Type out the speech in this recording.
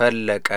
ፈለቀ